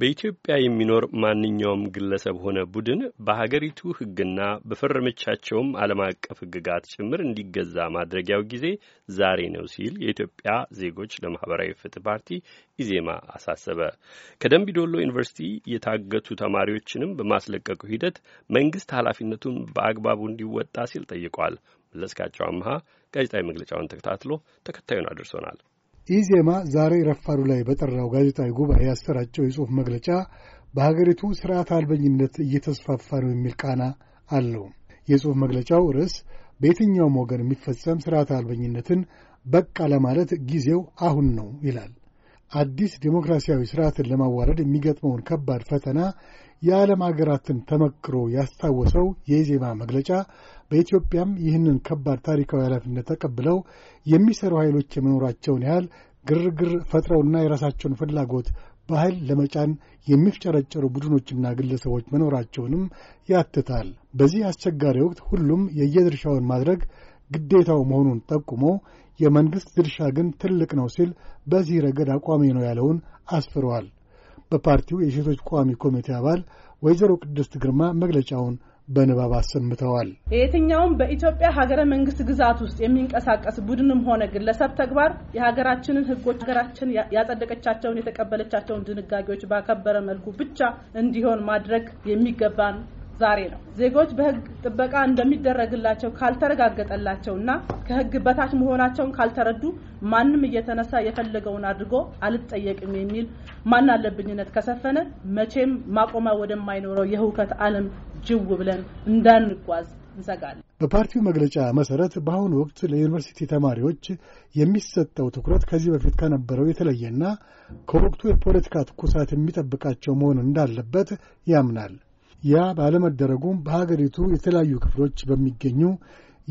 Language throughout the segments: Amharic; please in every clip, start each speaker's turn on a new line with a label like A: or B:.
A: በኢትዮጵያ የሚኖር ማንኛውም ግለሰብ ሆነ ቡድን በሀገሪቱ ሕግና በፈረመቻቸውም ዓለም አቀፍ ሕግጋት ጭምር እንዲገዛ ማድረጊያው ጊዜ ዛሬ ነው ሲል የኢትዮጵያ ዜጎች ለማህበራዊ ፍትህ ፓርቲ ኢዜማ አሳሰበ። ከደምቢዶሎ ዩኒቨርሲቲ የታገቱ ተማሪዎችንም በማስለቀቁ ሂደት መንግስት ኃላፊነቱን በአግባቡ እንዲወጣ ሲል ጠይቋል። መለስካቸው አምሃ ጋዜጣዊ መግለጫውን ተከታትሎ ተከታዩን አድርሶናል።
B: ኢዜማ ዛሬ ረፋዱ ላይ በጠራው ጋዜጣዊ ጉባኤ ያሰራጨው የጽሑፍ መግለጫ በሀገሪቱ ስርዓት አልበኝነት እየተስፋፋ ነው የሚል ቃና አለው። የጽሑፍ መግለጫው ርዕስ በየትኛውም ወገን የሚፈጸም ስርዓት አልበኝነትን በቃ ለማለት ጊዜው አሁን ነው ይላል። አዲስ ዴሞክራሲያዊ ስርዓትን ለማዋረድ የሚገጥመውን ከባድ ፈተና የዓለም አገራትን ተመክሮ ያስታወሰው የኢዜማ መግለጫ በኢትዮጵያም ይህንን ከባድ ታሪካዊ ኃላፊነት ተቀብለው የሚሰሩ ኃይሎች የመኖራቸውን ያህል ግርግር ፈጥረውና የራሳቸውን ፍላጎት በኃይል ለመጫን የሚፍጨረጨሩ ቡድኖችና ግለሰቦች መኖራቸውንም ያትታል። በዚህ አስቸጋሪ ወቅት ሁሉም የየድርሻውን ማድረግ ግዴታው መሆኑን ጠቁሞ የመንግሥት ድርሻ ግን ትልቅ ነው ሲል በዚህ ረገድ አቋሚ ነው ያለውን አስፍረዋል። በፓርቲው የሴቶች ቋሚ ኮሚቴ አባል ወይዘሮ ቅድስት ግርማ መግለጫውን በንባብ አሰምተዋል።
C: የትኛውም በኢትዮጵያ ሀገረ መንግስት ግዛት ውስጥ የሚንቀሳቀስ ቡድንም ሆነ ግለሰብ ተግባር የሀገራችንን ሕጎች ሀገራችን ያጸደቀቻቸውን የተቀበለቻቸውን ድንጋጌዎች ባከበረ መልኩ ብቻ እንዲሆን ማድረግ የሚገባን ዛሬ ነው። ዜጎች በህግ ጥበቃ እንደሚደረግላቸው ካልተረጋገጠላቸውና ከህግ በታች መሆናቸውን ካልተረዱ ማንም እየተነሳ የፈለገውን አድርጎ አልጠየቅም የሚል ማን አለብኝነት ከሰፈነ መቼም ማቆሚያ ወደማይኖረው የህውከት ዓለም ጅው ብለን እንዳንጓዝ እንሰጋለን።
B: በፓርቲው መግለጫ መሰረት በአሁኑ ወቅት ለዩኒቨርሲቲ ተማሪዎች የሚሰጠው ትኩረት ከዚህ በፊት ከነበረው የተለየና ከወቅቱ የፖለቲካ ትኩሳት የሚጠብቃቸው መሆን እንዳለበት ያምናል። ያ ባለመደረጉም በሀገሪቱ የተለያዩ ክፍሎች በሚገኙ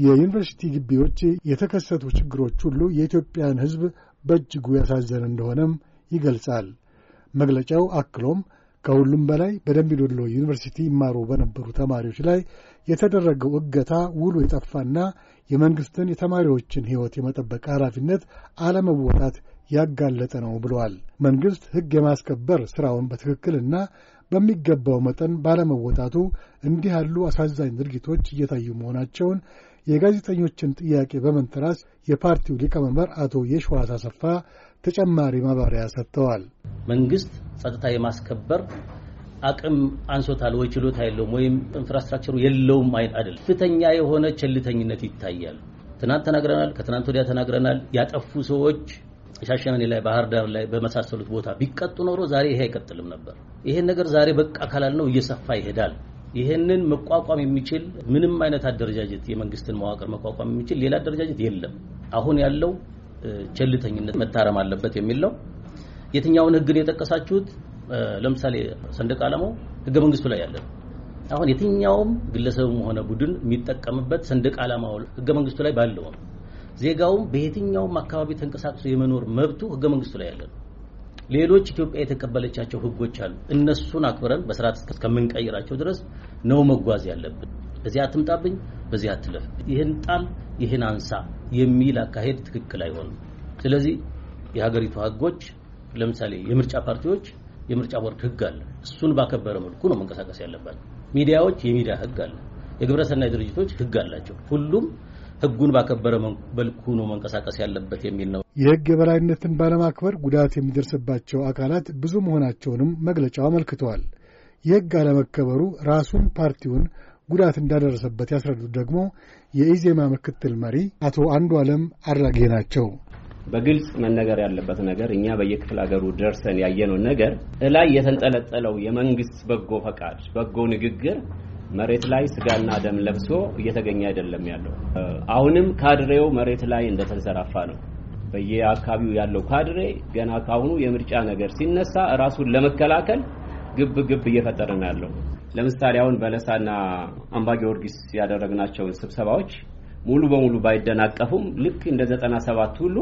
B: የዩኒቨርሲቲ ግቢዎች የተከሰቱ ችግሮች ሁሉ የኢትዮጵያን ሕዝብ በእጅጉ ያሳዘነ እንደሆነም ይገልጻል። መግለጫው አክሎም ከሁሉም በላይ በደምቢ ዶሎ ዩኒቨርሲቲ ይማሩ በነበሩ ተማሪዎች ላይ የተደረገው እገታ ውሉ የጠፋና የመንግሥትን የተማሪዎችን ሕይወት የመጠበቅ ኃላፊነት አለመወጣት ያጋለጠ ነው ብለዋል። መንግሥት ሕግ የማስከበር ሥራውን በትክክልና በሚገባው መጠን ባለመወጣቱ እንዲህ ያሉ አሳዛኝ ድርጊቶች እየታዩ መሆናቸውን የጋዜጠኞችን ጥያቄ በመንተራስ የፓርቲው ሊቀመንበር አቶ የሸዋስ አሰፋ ተጨማሪ ማብራሪያ ሰጥተዋል። መንግስት
C: ጸጥታ የማስከበር አቅም አንሶታል ወይ ችሎታ የለውም ወይም ኢንፍራስትራክቸሩ የለውም አይል አይደለም። ፍተኛ የሆነ ቸልተኝነት ይታያል። ትናንት ተናግረናል፣ ከትናንት ወዲያ ተናግረናል። ያጠፉ ሰዎች ሻሸመኔ ላይ፣ ባህር ዳር ላይ በመሳሰሉት ቦታ ቢቀጡ ኖሮ ዛሬ ይሄ አይቀጥልም ነበር። ይሄን ነገር ዛሬ በቃ ካላል ነው እየሰፋ ይሄዳል። ይሄንን መቋቋም የሚችል ምንም አይነት አደረጃጀት የመንግስትን መዋቅር መቋቋም የሚችል ሌላ አደረጃጀት የለም። አሁን ያለው ቸልተኝነት መታረም አለበት የሚል ነው። የትኛውን ህግን የጠቀሳችሁት? ለምሳሌ ሰንደቅ ዓላማው ህገ መንግስቱ ላይ ያለ አሁን የትኛውም ግለሰብም ሆነ ቡድን የሚጠቀምበት ሰንደቅ ዓላማው ህገ መንግስቱ ላይ ባለው ነው። ዜጋውም በየትኛውም አካባቢ ተንቀሳቅሶ የመኖር መብቱ ህገ መንግስቱ ላይ ያለ ነው። ሌሎች ኢትዮጵያ የተቀበለቻቸው ህጎች አሉ። እነሱን አክብረን በስርዓት እስከምንቀይራቸው ድረስ ነው መጓዝ ያለብን። በዚህ አትምጣብኝ፣ በዚህ አትለፍ፣ ይህን ጣል፣ ይህን አንሳ የሚል አካሄድ ትክክል አይሆንም። ስለዚህ የሀገሪቱ ህጎች ለምሳሌ የምርጫ ፓርቲዎች የምርጫ ቦርድ ህግ አለ። እሱን ባከበረ መልኩ ነው መንቀሳቀስ ያለባቸው። ሚዲያዎች የሚዲያ ህግ አለ። የግብረሰናይ ድርጅቶች ህግ አላቸው። ሁሉም ህጉን ባከበረ መልኩ ነው መንቀሳቀስ ያለበት የሚል ነው።
B: የህግ የበላይነትን ባለማክበር ጉዳት የሚደርስባቸው አካላት ብዙ መሆናቸውንም መግለጫው አመልክተዋል። የህግ አለመከበሩ ራሱን ፓርቲውን ጉዳት እንዳደረሰበት ያስረዱት ደግሞ የኢዜማ ምክትል መሪ አቶ አንዱ አለም አራጌ ናቸው።
A: በግልጽ መነገር ያለበት ነገር እኛ በየክፍለ ሀገሩ ደርሰን ያየነው ነገር እላይ የተንጠለጠለው የመንግስት በጎ ፈቃድ፣ በጎ ንግግር መሬት ላይ ስጋና ደም ለብሶ እየተገኘ አይደለም ያለው። አሁንም ካድሬው መሬት ላይ እንደተንሰራፋ ነው። በየአካባቢው ያለው ካድሬ ገና ካሁኑ የምርጫ ነገር ሲነሳ ራሱን ለመከላከል ግብ ግብ እየፈጠረ ነው ያለው። ለምሳሌ አሁን በለሳና አምባ ጊዮርጊስ ያደረግናቸውን ስብሰባዎች ሙሉ በሙሉ ባይደናቀፉም ልክ እንደ ዘጠና ሰባት ሁሉ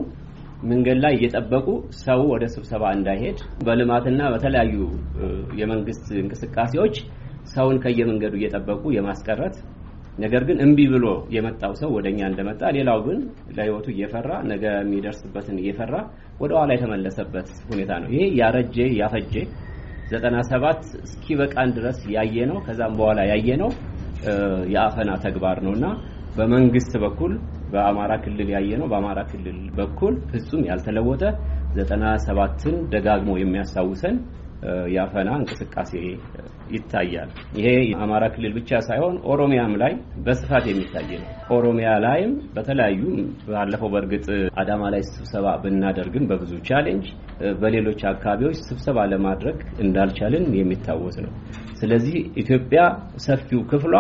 A: መንገድ ላይ እየጠበቁ ሰው ወደ ስብሰባ እንዳይሄድ በልማትና በተለያዩ የመንግስት እንቅስቃሴዎች ሰውን ከየመንገዱ እየጠበቁ የማስቀረት ነገር ግን እምቢ ብሎ የመጣው ሰው ወደኛ እንደመጣ ሌላው ግን ለህይወቱ እየፈራ ነገ የሚደርስበትን እየፈራ ወደ ኋላ የተመለሰበት ሁኔታ ነው። ይሄ ያረጀ ያፈጀ 97 እስኪበቃን ድረስ ያየ ነው። ከዛም በኋላ ያየ ነው የአፈና ተግባር ነውና በመንግስት በኩል በአማራ ክልል ያየ ነው። በአማራ ክልል በኩል ፍጹም ያልተለወጠ 97ን ደጋግሞ የሚያስታውሰን ያፈና እንቅስቃሴ ይታያል። ይሄ የአማራ ክልል ብቻ ሳይሆን ኦሮሚያም ላይ በስፋት የሚታይ ነው። ኦሮሚያ ላይም በተለያዩ ባለፈው በእርግጥ አዳማ ላይ ስብሰባ ብናደርግን በብዙ ቻሌንጅ፣ በሌሎች አካባቢዎች ስብሰባ ለማድረግ እንዳልቻልን የሚታወስ ነው። ስለዚህ ኢትዮጵያ ሰፊው ክፍሏ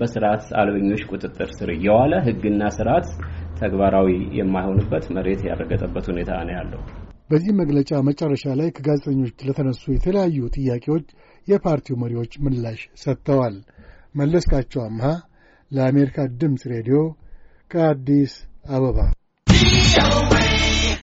A: በስርዓት አልበኞች ቁጥጥር ስር እየዋለ ህግና ስርዓት ተግባራዊ የማይሆንበት መሬት ያረገጠበት ሁኔታ ነው ያለው።
B: በዚህ መግለጫ መጨረሻ ላይ ከጋዜጠኞች ለተነሱ የተለያዩ ጥያቄዎች የፓርቲው መሪዎች ምላሽ ሰጥተዋል። መለስካቸው አምሃ ለአሜሪካ ድምፅ ሬዲዮ ከአዲስ አበባ